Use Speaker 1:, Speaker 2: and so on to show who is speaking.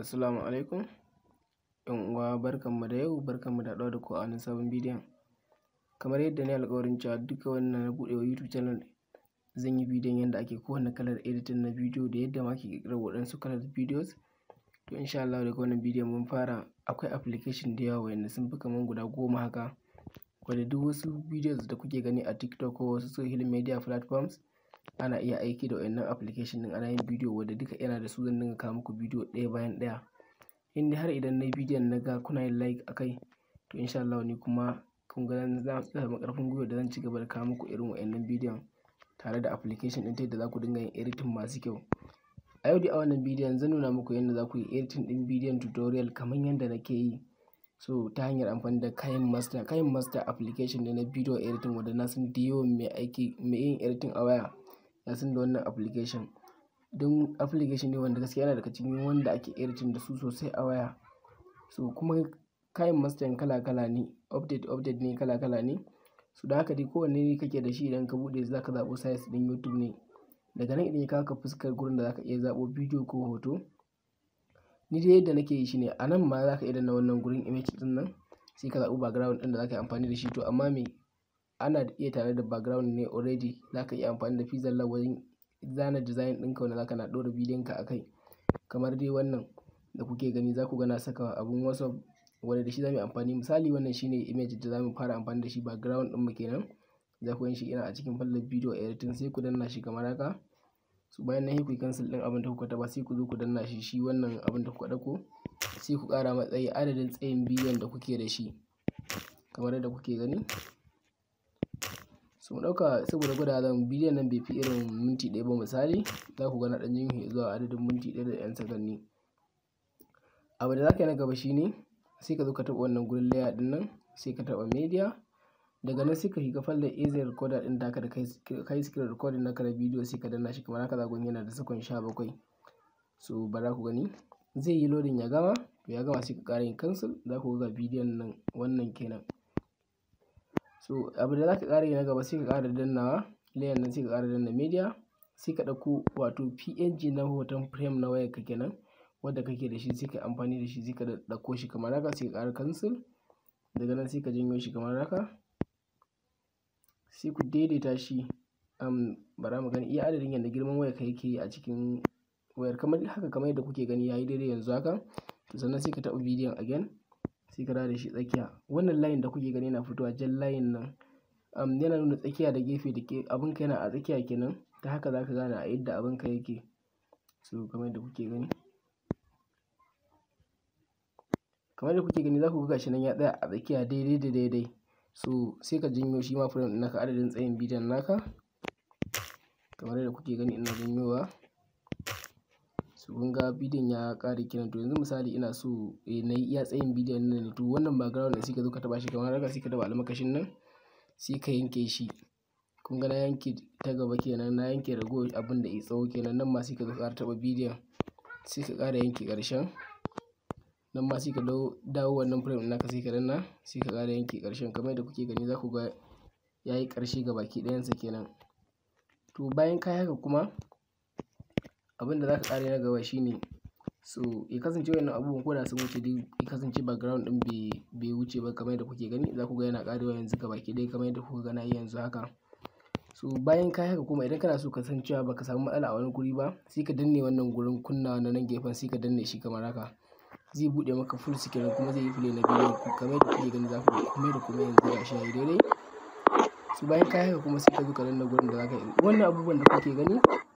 Speaker 1: Assalamu alaikum ‘yan uwa barkanmu da yau barkanmu da haɗuwa da ku a wani sabon bidiyon kamar yadda ni alkawarin alƙawarin cewa duka wannan na buɗe wa YouTube channel zan yi bidiyon yadda ake kowane kalar editin na bidiyo da yadda ma ke ƙirƙirar waɗansu kalar videos to insha Allah daga wannan bidiyon mun fara akwai application da yawa wanda sun fi kamar guda goma haka wanda duk wasu videos da kuke gani a TikTok ko wasu social media platforms ana iya aiki da wayannan application ɗin ana yin bidiyo wadda duka yana da su zan dinga kawo muku bidiyo ɗaya bayan ɗaya. inda har idan na yi bidiyon na ga kuna yin like akai to in ni kuma kun ga zan samu ƙarfin gwiwa da zan ci gaba da kawo muku irin wayannan bidiyon tare da application ɗin ta yadda za ku dinga yin editing masu kyau. A yau dai a wannan bidiyon zan nuna muku yadda za ku yi editing ɗin bidiyon tutorial kaman yadda nake yi. So ta hanyar amfani da Kayan Master. Kayan Master application ne na bidiyo editing wanda na san da yawan mai aiki mai yin editing a waya ya san da wannan application. Don application ne wanda gaskiya yana daga cikin wanda ake irin da su sosai a waya. So kuma kayan mastan kala kala ne, update update ne kala kala ne. su da haka dai kowanne ne kake da shi idan ka bude za ka zabo size din YouTube ne. Daga nan idan ya ka fuskar gurin da za ka iya zabo bidiyo ko hoto. Ni dai yadda nake yi shi ne a nan ma za ka iya danna wannan gurin image din nan sai ka zabo background ɗin da za ka yi amfani da shi to amma me. ana iya tare da background ne already za ka iya amfani da pixel lab wajen zana design ɗinka wanda za ka na ɗora bidiyon ka akai kamar dai wannan da kuke gani za ku gana saka abun whatsapp wanda da shi za mu amfani misali wannan shine image da za mu fara amfani da shi background ɗinmu kenan za ku shi ina a cikin fallar video editing sai ku danna shi kamar haka su bayan nan ku yi cancel ɗin abin da kuka taɓa sai ku zo ku danna shi shi wannan abin da kuka ɗauko sai ku ƙara matsayi adadin tsayin bidiyon da kuke da shi kamar yadda kuke gani su mu ɗauka saboda gwada zan bidiyon nan bai fi irin minti ɗaya ba misali za ku gana ɗan jinhi zuwa adadin minti ɗaya da ɗan sakanni abu da za ka yi na gaba shi ne sai ka zo ka taɓa wannan gurin layer ɗin nan sai ka taɓa media daga nan sai ka shiga falle easy recorder ɗin aka da kai screen recording naka na bidiyo sai ka danna shi kamar haka za ku yana da sakon sha bakwai so bara ku gani zai yi loading ya gama ya gama sai ka ƙara yin cancel za ku ga bidiyon nan wannan kenan so abu da za ka ƙara yi na gaba sai ka ƙara dannawa layer nan sai ka ƙara danna media sai ka ɗauko wato png na hoton frame na wayar ka kenan wanda kake da shi sai ka amfani da shi sai ka ɗauko shi kamar haka sai ka ƙara cancel daga nan sai ka janyo shi kamar haka sai ku daidaita shi um, bara mu gani iya adadin yadda girman wayar ka yake a cikin wayar kamar haka kamar yadda kuke gani yayi daidai yanzu haka sannan sai ka taɓa bidiyon again sai ka da shi tsakiya wannan layin da kuke gani yana fitowa jan layin nan um, yana nuna tsakiya da gefe da ke abin ka yana a tsakiya kenan ta haka za ka gane a yadda abin ka yake so kamar yadda kuke gani kamar yadda kuke gani za ku ga gashi nan ya tsaya a tsakiya daidai da daidai so sai ka janyo shi ma frame ɗin naka adadin tsayin bidiyon naka kamar yadda kuke gani ina janyowa kun ga bidiyon ya kare kiran to yanzu misali ina so eh, na yi iya tsayin bidiyon nan ne to wannan background da suka zo ka taɓa shi kamar haka suka ka taɓa almakashin nan sai ka yanke shi kun ga na yanke ta gaba kenan na yanke rago abin da ya tsawo kenan nan ma sai ka zo ka taba bidiyon sai ka ƙara yanke ƙarshen nan ma sai ka dawo wannan frame naka sai ka danna sai ka ƙara yanke ƙarshen kamar yadda kuke gani za ku ga ya yi ƙarshe ga baki ɗayansa kenan to bayan ka haka kuma abin da za ka ƙara na gaba shine so ya kasance wannan abubuwan ko da sun wuce dai ya kasance background din bai wuce ba kamar yadda kuke gani za ku ga yana ƙarewa yanzu baki dai kamar yadda kuka gana yanzu haka so bayan ka haka kuma idan kana so ka san cewa baka samu matsala a wani guri ba sai ka danne wannan gurin kunna na nan gefen sai ka danne shi kamar haka zai bude maka full screen kuma zai yi play na bidiyon ku kamar yadda kuke gani za ku kuma da kuma yanzu shi yayi daidai so bayan ka haka kuma sai ka zo ka danna gurin da za ka yi wannan abubuwan da kuke gani